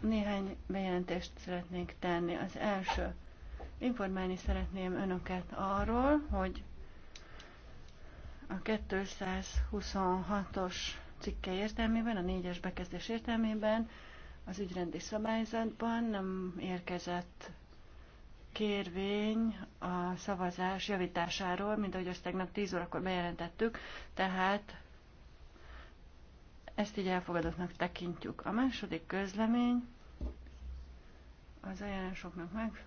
Néhány bejelentést szeretnék tenni. Az első, informálni szeretném önöket arról, hogy a 226-os cikke értelmében, a 4-es bekezdés értelmében az ügyrendi szabályzatban nem érkezett kérvény a szavazás javításáról, mint ahogy azt tegnap 10 órakor bejelentettük, tehát ezt így elfogadottnak tekintjük. A második közlemény az ajánlásoknak meg